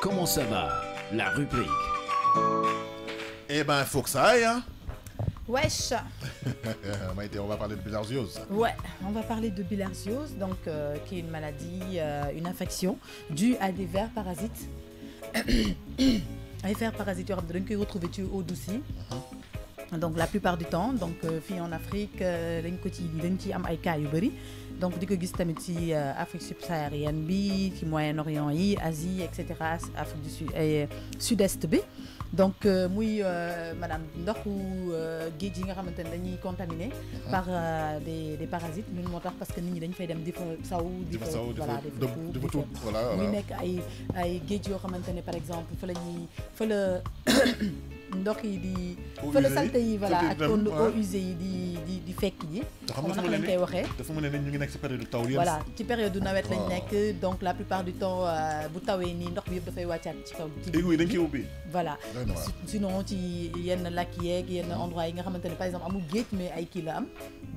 Comment ça va La rubrique. Eh ben, faut que ça aille, hein Wesh on va parler de bilharziose. Ouais, on va parler de bilharziose, donc, euh, qui est une maladie, euh, une infection due à des vers parasites. les vers parasites, donc, retrouvé tu au uh-huh. Donc, la plupart du temps, donc, euh, fille en Afrique, les am donc di ko gis tamit ci euh, Afrique subsaharienne bi ci Moyen-Orient yi Asie etc Afrique du sud et euh, sud-est bi donc euh, muy madame ndoxu géej yi nga xamante ne dañuy contaminé ah. par des des parasites ñun moo tax parce que nit ñi dañ fay dem di fa saw di fa voilà di fa tuut muy nekk ay ay géej yoo xamante ne par exemple fa la ñuy fa la ndox yi di. fële salte yi voilà ak eaux usées yi di di di fekk yi xam nga naka lañ koy dafa mel ne ñu ngi nekk ci période taw yi voilà ci période nawet lañ nekk donc la plupart du temps euh, bu tawé ni ndox bi yëpp dafay wàccaat ci kaw. ci égout yi dañ koy ubbi. voilà sinon ci yenn lac yeeg yenn endroit yi nga xamante par exemple amu géej mais ay kii la am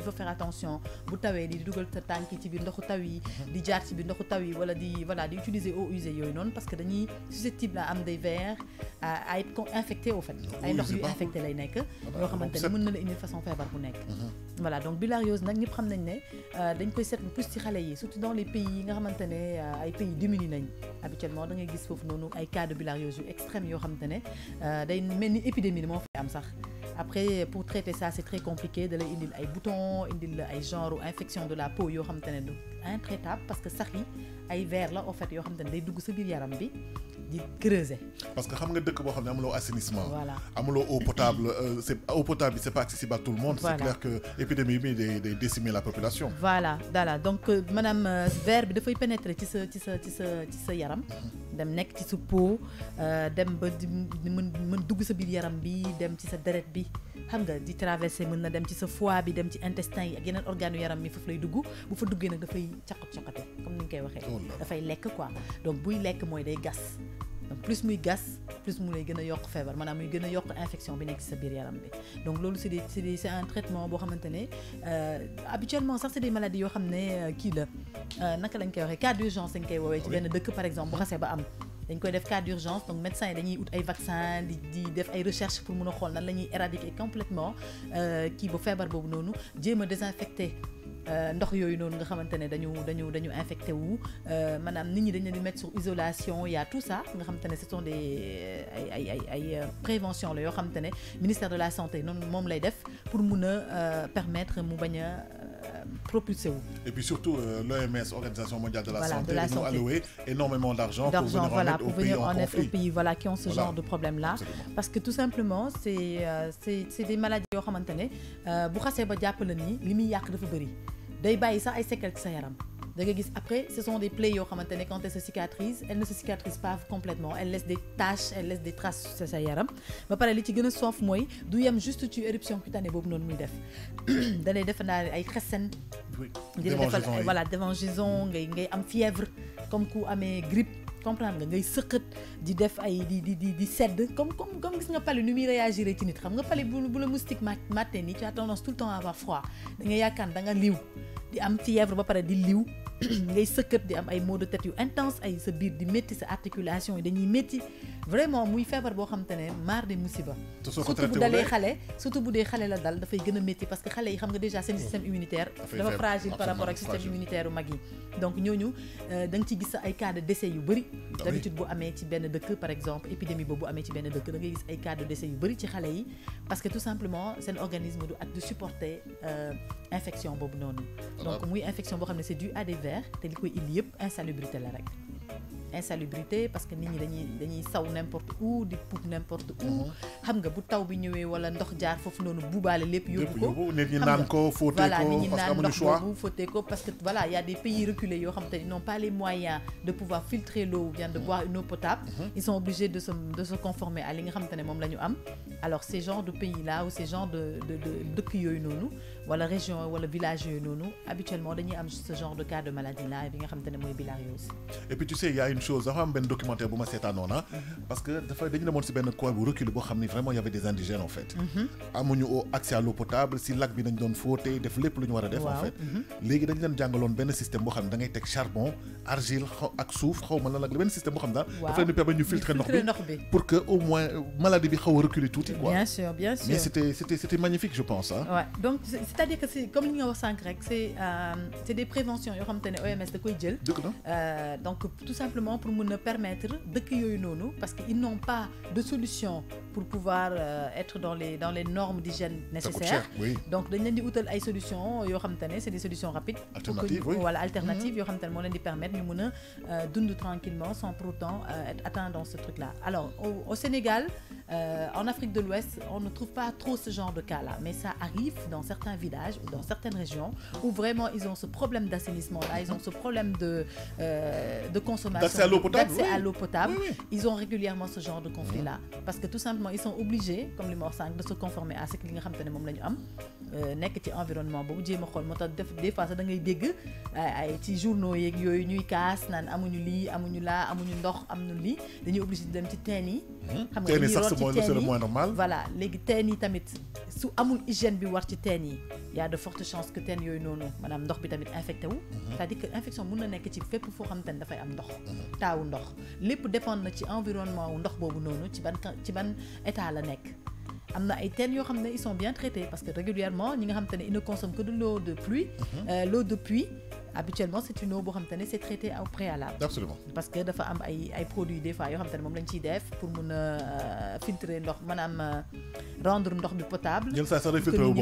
il faut faire attention bu tawee di dougal sa tanki ci bir ndoxu taw yi di jaar ci bir ndoxu taw yi wala di voilà di utiliser eau usée yoy non parce que dañuy susceptible à am des vers à être infecté au fait ay ndox yu infecté lay nek yo xamante ne mën na la indil façon feebar bu nek mhm. voilà donc bilariose nak ñep xam nañ ne euh, dañ koy set plus ci xale yi surtout dans les pays yi nga xamante euh, ay pays démunis nañ habituellement da ngay gis fofu nonu ay cas de bilariose yu extrême yo xamante ne euh, day épidémie moo fay am sax après pour traiter ça c'est très compliqué il y a des boutons des la ay genre infection de la peau yo xam intraitables intraitable parce que ça yi ay vers la au fait yo xam day dugg sa bir yaram bi di creuser. parce que xam nga dëkk bo xam amulo assainissement. voilà eau potable euh, c'est eau potable c'est pas accessible à tout le monde. c'est clair que l'épidémie bi day day la population. voilà voilà donc Verbe, euh, euh, verre bi y pénétrer ci ce ci ci yaram. dem nekk ci sa peau euh, dem ba di mën mën dugg sa biir yaram bi dem ci sa deret bi xam nga di traversé mën na dem ci sa fois bi dem ci intestin yi ak yeneen organe yaram mi foofu lay dugg bu fa duggee nag dafay caqat caqate comme ni ñu koy waxee dafay lekk quoi donc buy lekk mooy day gas donc plus muy gas plus mu gëna yok fièvre yokk feebar maanaam muy gën a infection bi nek ci sa bir yaram bi donc lolu c'est c'est un traitement bo xamantene ne euh, habituellement sax c'est des maladies yo xamné ne euh, kii la euh, naka lañ koy waxee cas d'urgence dañ koy wowe ci ben dëkk par exemple bu xasee ba am dañ koy def cas d'urgence donc médecins yi dañuy ut ay vaccin di di def ay recherches pour mëna xol nan lañuy éradiquer complètement ki bu fièvre bobu noonu jéem désinfecter euh, ndox yooyu noonu nga xamante ne dañu dañu dañu infecté wu euh, maanaam nit ñi dañu leen di mettre sur isolation y a tout ça nga xamante ne ce sont des ay ay ay ay euh, prévention la yoo xamante ne ministère de la santé noonu moom lay def pour mun a permettre mu bañ a propulser. et puis surtout euh, l'OMS organisation mondiale de la santé. nous alloue alloué énormément d'argent. pour venir voilà, en aide aux pays en, en Pays, voilà qui ont ce genre de problème là. parce que tout simplement c'est euh, c'est c'est des maladies qui ont été bu xasee ba jàpp la nii li muy yàq dafa bëri day bàyyi sax ay séquelles ci yaram da gis après ce sont des plaies yoo xamante quand elles se cicatrisent elles ne se cicatrisent pas complètement elles laissent des taches elles laissent des traces sa sa yaram ba la li ci gën a soof mooy du yem juste une éruption cutanée boobu noonu muy def danay def naa ay xesen di la defal voilà démangeaison ngay ngay am fièvre comme ku amee grippe comprendre nga ngay sëqët di def ay di di di sedd comme comme comme gis nga pas le muy réagir ci nit xam nga pali bu moustique matin ni tu as tendance tout le temps à avoir froid da nga yaakaar da nga liw di am fièvre ba pare di liw ngay sëkkët di am ay maux de tête yu intense ay sa biir di métti sa articulation yi dañuy métti vraiment muy feebar boo xam te ne maar de musiba surtout bu dalee hein? xale surtout bu dee xale la dal dafay gën a métti parce que xale yi xam nga déjà seen système hmm. immunitaire dafa fragile par rapport ak système immunitaire yu mag yi donc ñooñu euh, da nga ci gis ay cas de décès yu bëri ah d'habitude bu amee ci benn dëkk par exemple épidémie boobu bu amee ci benn dëkk da ngay gis ay cas de décès yu bëri ci xale yi parce que tout simplement seen organisme du ak du supporter euh, infection boobu noonu ah donc bah. muy infection boo xam ne c'est dû à des vers te li koy indi yëpp insalubrité la rek insalubrité parce que nit ñi dañuy dañuy saw n'importe où di poup n'importe où uh-huh. xam nga bu taw bi ñëwee wala ndox jaar foofu noonu buubaale lépp yóbbu ko nit ñi naan ko fóote ko voilà nit ñi naan ndox boobu fóote ko parce que voilà y a des pays reculés yoo xam te ils pas les moyens de pouvoir filtrer l'eau ou bien de uh-huh. boire une eau potable uh-huh. ils sont obligés de se de se conformer à li nga xam te ne moom la ñu am alors ces genres de pays là ou ces genres de de de dëkk yooyu noonu wala région wala village yooyu noonu habituellement dañuy am ce genre de cas de maladie là bi nga xam te ne mooy bilariose et puis tu sais il y a une benn chose dafa am benn documentaire bu ma seetaanoona ah. mhm. parce que dafa dañu demoon si benn coin bu recul boo xam ni vraiment y avait des indigènes en fait mhm. amuñu au accès à l'eau potable si lac bi dañ doon fóote def lépp lu ñu war a def en fait mhm. léegi dañ leen jàngaloon benn système boo xam ne da ngay teg charbon argile ak suuf xaw ma lan ak benn système boo xam ne daal dafa leen permettre ñu filtrer ndox bi pour que au moins maladie bi xaw a reculer tuuti quoi bien sûr bien sûr mais c'était c'était c'était magnifique je pense ah ouais donc c'est-à-dire que c'est comme ñu nga wax sànq rek c'est euh, c'est des préventions yoo xam te ne OMS da koy jël euh, donc tout simplement pour nous permettre permettre de nous nous parce qu'ils n'ont pas de solution pour pouvoir euh, être dans les dans les normes d'hygiène nécessaires donc nous avons solutions c'est des solutions rapides ou que voilà alternatives qui permettent de tranquillement sans pour autant euh, être atteint dans ce truc là alors au Sénégal euh, en Afrique de l'Ouest on ne trouve pas trop ce genre de cas là mais ça arrive dans certains villages ou dans certaines régions où vraiment ils ont ce problème d'assainissement là ils ont ce problème de de consommation d'accès à l'eau potable. Oui. à l'eau potable. Oui, oui. Ils ont régulièrement ce genre de conflit-là. Ah. Parce que tout simplement, ils sont obligés, comme les Morsang, de se conformer à ce que nous savons que Euh, nek ci environnement boobu djema xol xool tax def des fois sax da ngay dégg ay ci journaux yeeg yoy ñuy kaas nan amuñu li amuñu la amuñu ndox amuñu li dañuy obligé di dem ci teen yi hmm. xam nga teen sax c'est le moins normal voilà légui teen yi tamit su amul hygiène bi war ci teen yi il y a de fortes chances que ten yooyu noonu maanaam ndox bi tamit infecté wu mhm. c'est-à-dire que infection mun na nekk ci fépp foo xam te ne dafay am ndox mhm. taawu ndox lépp dépendre na ci environnement wu ndox boobu noonu ci ban ci ban état la nekk am na ay ten yoo xam ne ils sont bien traités parce que régulièrement ñi nga xam te ne ils ne consomment que de l'eau de pluie mhm. euh, l'eau de pluie habituellement c'est une eau boo xam te ne c'est traité au préalable absolument parce que dafa am ay ay produits des fois yoo xam te ne moom lañ ciy def pour mun a euh, filtrer ndox maanaam euh, rendre ndox bi potable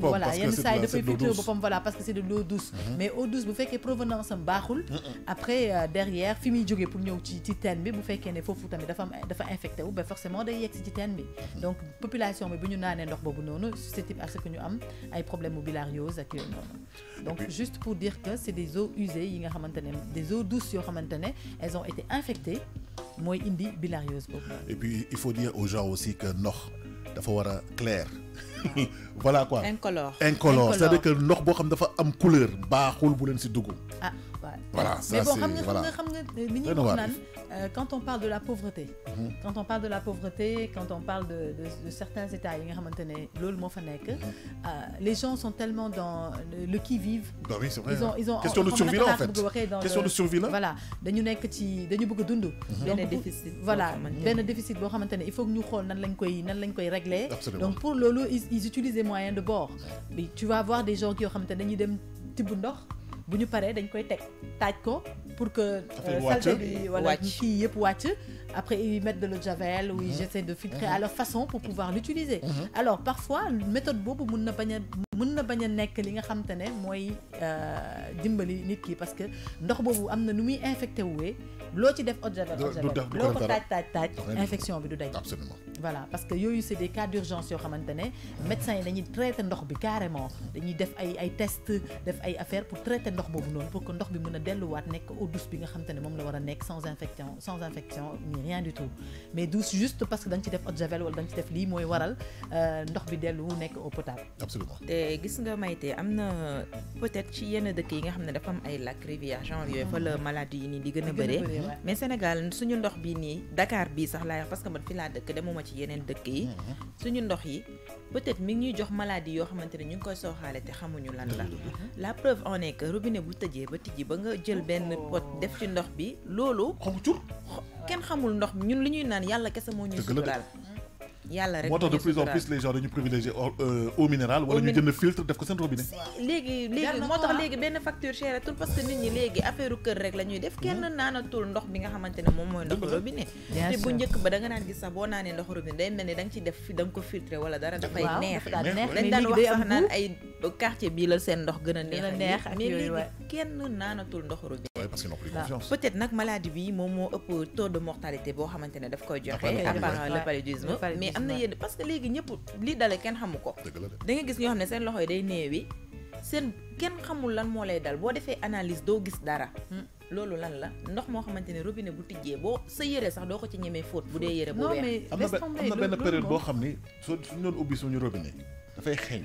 voilà yenn saa yi filtre filtré boppam voilà parce que c'est de l'eau douce mm-hmm. mais eau douce bu fekkee provenance am baaxul mm-hmm. après euh, derrière fi muy jógee pour ñëw ci ci teen bi bu fekkee ne foofu tamit dafa am dafa infecté wu ba ben forcément day yegg si ci teen bi mm-hmm. donc population bi bu ñu naanee ndox boobu noonu susceptible à ce que ñu am ay problème bilariose ak yooyu noonu donc juste pour dire que c'est des eaux usées yi nga xamante ne des eaux douces yoo xamante ne elles ont été infectées mooy indi bilariose boobu et puis il faut dire aux gens aussi que ndox dafa war clair. voilà quoi incolore incolore c'est-à-dire que ndox boo xam dafa am couleur baaxul bu leen si dugg. Ah mais bon quand on parle de la pauvreté quand on parle de la pauvreté quand on parle de certains états mhm. euh, les gens sont tellement dans le qui vive bah ils hein. question de survie en fait question de voilà mhm. déficit il faut que nous donc pour ils utilisent les moyens de bord tu vas avoir des gens Qui ont bu ñu paree dañ koy teg taaj ko pour que euh, saleté bi voilà kii après ils mettent de l'eau de javel ou ils mm-hmm. essaient de filtrer mm-hmm. à leur façon pour pouvoir l'utiliser mm-hmm. alors parfois méthode boobu mun na bañ a mën na bañ a nekk li nga xamante ne mooy euh, dimbali nit ki parce que ndox boobu am na nu muy infecté wuwee loo ci def eau de javel loo ko taaj taaj taaj infection bi du dañ absolument voilà parce que yooyu c'est des cas d'urgence yoo xamante ne médecins yi dañuy traiter ndox bi carrément dañuy def ay ay test def ay affaire pour traiter ndox boobu noonu pour que ndox bi mën a delluwaat nekk au douce bi nga xamante ne moom la war a nekk sans infection sans infection ni rien du tout mais douce juste parce que dañ ci def eau de javel wala dañ ci def lii mooy waral euh, ndox bi dellu nekk eau potable absolument gis nga Maïté am na peut-être ci yenn dëkk yi nga xam ne dafa am ay lac rivière genre yooyu fa la mhm. maladie yi nii di gën a bëree mais Sénégal suñu ndox bi nii Dakar bii sax laay wax parce que man fi laa dëkk demuma ci yeneen dëkk yi mhm. suñu ndox yi peut-être mi ngi ñuy jox maladie yoo xamante ne ñu ngi koy sooxaale te xamuñu lan la mhm. la preuve on est que robinet bu tëjee ba tijji ba nga jël benn oh. pot def ci ndox bi loolu kenn xamul ndox mi ñun li ñuy naan yàlla kese moo ñuy suturaal yalla rek motax de plus en plus les gens dañu privilégier euh, eau minérale wala ñu jënd filtre def ko sen robinet légui légui motax légui ben facture chère tout parce que nit ñi légui affaireu kër rek la ñuy def mhm. kenn nana naanatul ndox bi nga xamantene mom moy mooy ndox robinet te bu njëkk ba da nga naan gis sax boo naanee ndox robinet day mel ni da nga ci def da nga ko filtrer wala dara da dafay neex dañ dan wax sax naan ay quartier bi la seen ndox gën a neex mais léegi kenn naanatul ndox robinet parce peut-être nag maladie bi moom moo ëpp taux de mortalité boo xamante ne daf koy joxe à le paludisme mais am na yenn parce que léegi ñëpp li dale kenn xamu ko da nga gis ñoo xam ne seen loxo yi day néewi seen kenn xamul lan moo lay dal boo defee analyse doo gis dara hmm. loolu lan la ndox moo xamante ne robinet bu tijjee boo sa yére sax doo ko ci ñemee faute bu dee yére bu weex am na benn période boo xam ni soo suñu doon ubbi suñu robinet dafay xeeñ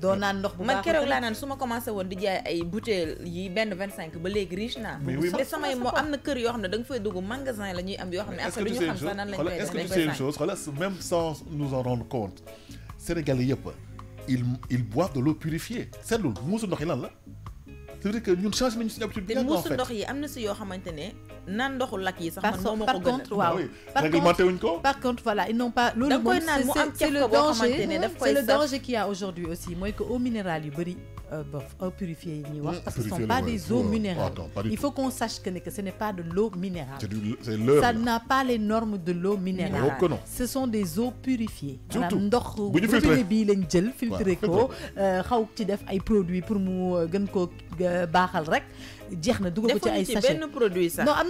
doo naan ndox bu man keroog laa naan su ma commencé woon di jaay ay bouteilles yi benn 25 ba léegi riche naa te samay moo am na kër yoo xam ne da nga fay dugg magasin la ñuy am yoo xam ne après du ñu xam sax nan lañ koy def est-ce que tu sais une chose xoolal même sans nous en rendre compte Sénégalais yëpp il il boivent de l'eau purifiée seetlul muusu ndox yi lan la c'est vrai que ñun changé ñu suñu habitude te muusu ndox yi am na si yoo xamante ne par contre voilà ils n'ont pas c'est le danger c'est le danger qu'il y a aujourd'hui aussi moi que eau minérale euh, sont pas des eaux oh, minérales il faut qu'on sache que ce n'est pas de l'eau minérale ça n'a pas les normes de l'eau minérale oh, ce sont des eaux purifiées pour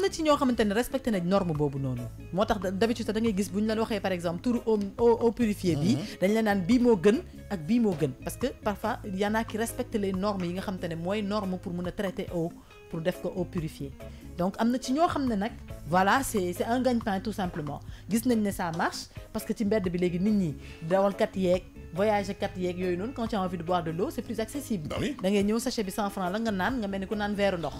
na ci ñoo xamante ne respecté nañ norme boobu noonu moo tax d'habitude da ngay gis bu ñu leen waxee par exemple turu au au purifiée bii mhm. dañ la naan bii moo gën ak bii moo gën parce que parfois y en a qui respectent les normes yi nga xamante ne mooy norme pour mun a traiter eau pour def ko au purifiée donc am na ci ñoo xam ne nag voilà c'est c'est un gagne-pain tout simplement gis nañ ne ça marche parce que ci mbedd bi léegi nit ñi dawalkat yeeg voyage kat yeeg yooyu noonu quand tu as envie de boire de l'eau c'est plus accessible bah da ngay ñëw sachet bi 100 francs la nga naan nga mel ni ku naan verre ndox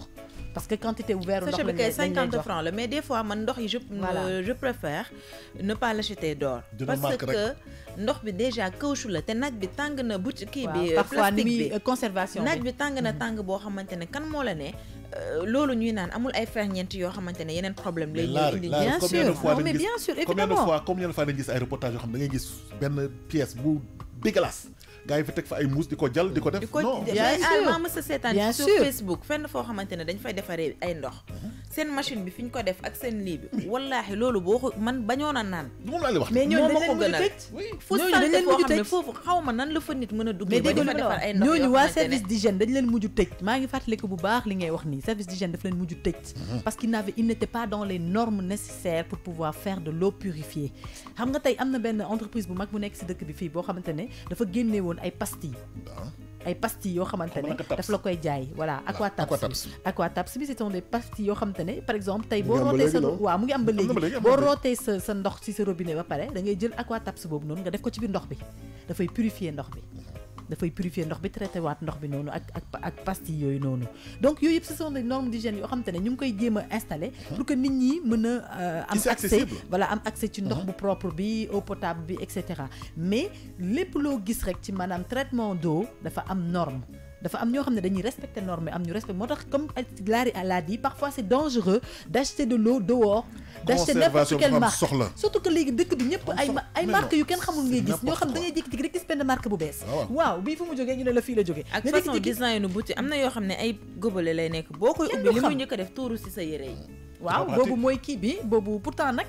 parce que quand tu étais ouvert sachet bi kay cinquante francs la mais des fois man ndox yi je euh, je préfère ne pas l'acheter d'or parce que ndokh bi déjà caoutchouc la té nak bi tàng na bu kii bi euh, plastique bi euh, conservation nak bi tàng na mhm. tàng boo xamante kan mo la né lolu ñuy naan amul ay ferñeent yoo xamante ne yeneen problème lay ñuy indi bien sûr mais bien sûr évidemment combien de fois combien de fois dañu gis ay reportage yoo xam da ngay gis ben pièce bu dégueulasse gaa yi fi teg fa ay muus di ko jal di ko def non bien sûr ma mës a seetaan Facebook fenn foo xamante ne dañ fay defaree ay ndox mhm. seen machine bi fiñ ko def ak seen lii bi wallaahi loolu boo ko man bañoon a naan mais ñooñu dañ leen mujj tëj fu dañ leen mujj tëj foofu xaw ma nan la fa nit mën a dugg mais dégg nga defar ay ndox ñooñu waa service d'hygiène dañ leen mujj tëj maa ngi fàttaliku bu baax li ngay wax nii service d'hygiène daf leen mujj tëj mhm. parce qu'il n'avait il n'était pas dans les normes nécessaires pour pouvoir faire de l'eau purifiée xam nga tey am na benn entreprise bu mag bu nekk si dëkk bi fii boo xamante ne dafa génne woon ay pastilles ah ay pastilles yoo xamante ne daf la koy jaay voilà aquataps aquataps bi ce sont des pastilles yoo xamante ne par exemple tey boo rootee sa waaw mu ngi am ba léegi boo rootee sa sa ndox ci sa robinet ba pare da ngay jël aquataps boobu noonu nga def ko ci bi ndox bi dafay purifier ndox bi dafay purifier ndox bi traité waat ndox bi noonu ak ak ak pastille yooyu noonu donc yooyu yëpp ce sont des normes d'hygiène yoo xam te ne ñu ngi koy jéem a installé mhm. pour que nit ñi mën a euh, am accès voilà am accès ci ndox mhm. bu propre bi eau potable bi et cetera mais lépp loo gis rek ci maanaam traitement d'eau dafa am norme dafa am ñoo xam dañuy respecter normes am ñu respect comme l'a dit parfois c'est dangereux d'acheter de l'eau dehors d'acheter n'importe quelle marque surtout que léegi bi marques yu kenn xamul ngay gis ñoo xam des jékki-jékki rek gis marque bu bees ah, waaw fu mu ne la fii la jógee ak waaw bobu moy ki bi bobu pourtant nak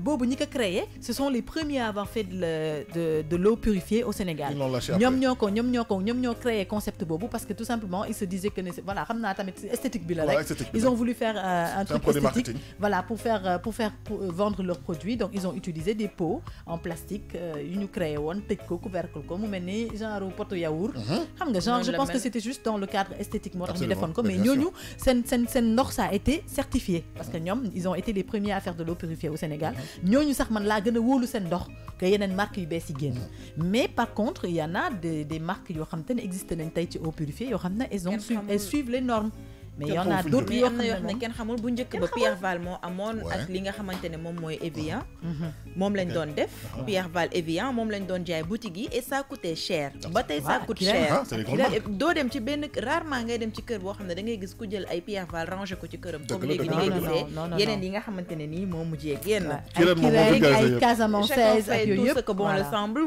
bobu ñi ko créé ce sont les premiers à avoir fait de de de l'eau purifiée au Sénégal ñom ñoko ñom ñoko ñom ko ñoom ñoo créé concept bobu parce que tout simplement ils se disaient que voilà xam tamit esthétique bi la rek ils ont voulu faire euh, un truc esthétique voilà pour faire euh, pour faire euh, vendre leurs produits donc ils ont utilisé des pots en plastique yu ñu créé won tej ko couvercle ko mu melni genre potu yaourt mhm. xam nga genre je pense que c'était juste dans le cadre esthétique moo tax ñu defoon ko mais ñooñu sen sen sen ndox ça a été certifié parce que ils ont été les premiers à faire de l'eau purifiée au Sénégal Ils sax man la gëna wolu sen que yenen marques yu yi mais par contre il y en a des des marques qui xam tane l'eau nañ tay ci eau purifiée yo xam ont elles suivent les normes mais y en a yoo xam ne kenn xamul bu njëkk ba Pierre Val moo amoon ak li nga xamante ne moom mooy Evian mhm. moom lañ doon def Pierre Val Evian moom lañ doon jaay buti gi et ça coûtait cher ba tey ça coûte cher ah, doo dem ci benn rarement ngay dem ci kër boo xam ne da ngay gis ku jël ay Pierre Val rangé ko ci këram comme léegi ni ngay gisee yeneen yi nga xamante ne nii moo mujjee génn ay Casamance ak yooyu yëpp que bon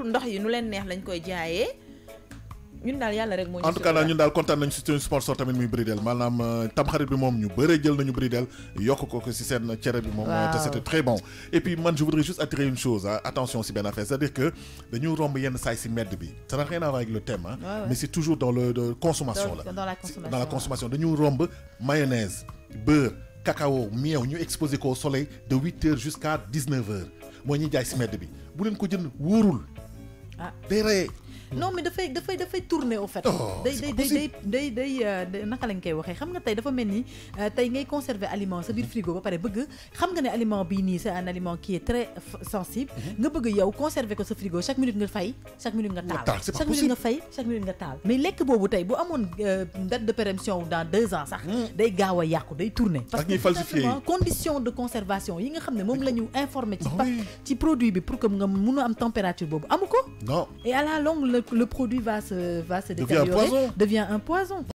ndox yi nu leen neex lañ koy jaayee ñun daal yàlla rek moo ñu en tout cas daal ñun daal kontaan nañu si seen sponsor tamit muy Bridel maanaam euh, xarit bi moom ñu bëre jël nañu Bridel yokk ko si seen cere bi moom euh, te c'était très bon et puis man je voudrais juste attirer une chose hein. attention si benn affaire c'est-à-dire que dañu romb yenn saay si medd bi ça n'a rien à voir avec le thème ah mais c'est toujours dans le consommation la dans la consommation dañu romb mayonnaise beurre cacao meew ñu exposé ko au soleil de huit heures jusqu'à dix-neuf heures mooy ñuy jaay si medd bi bu leen ko jënd wóorul ah. day non mais dafay dafay dafay tourner au fait. Oh, day day day day euh, day naka lañ koy waxee xam nga tay dafa melni euh, tay ngay conserver aliment sa bir frigo ba pare bëgg xam nga ne aliment bi ni c'est un aliment qui est très sensible. Mhm. nga bëgg yow conserver ko sa frigo chaque minute nga fay chaque minute nga taal chaque minute nga fay chaque minute nga taal. mais lek bobu tay bu amone euh, date de péremption dans deux ans sax. Mhm. day gaaw a yàqu day tourner. parce que tout condition de conservation yi nga xam ne moom la ñu informé. Ah ci produit bi pour que nga mun a am température boobu amu ko. non et à la longue le, produit va se, va se détériorer, Devient un poison.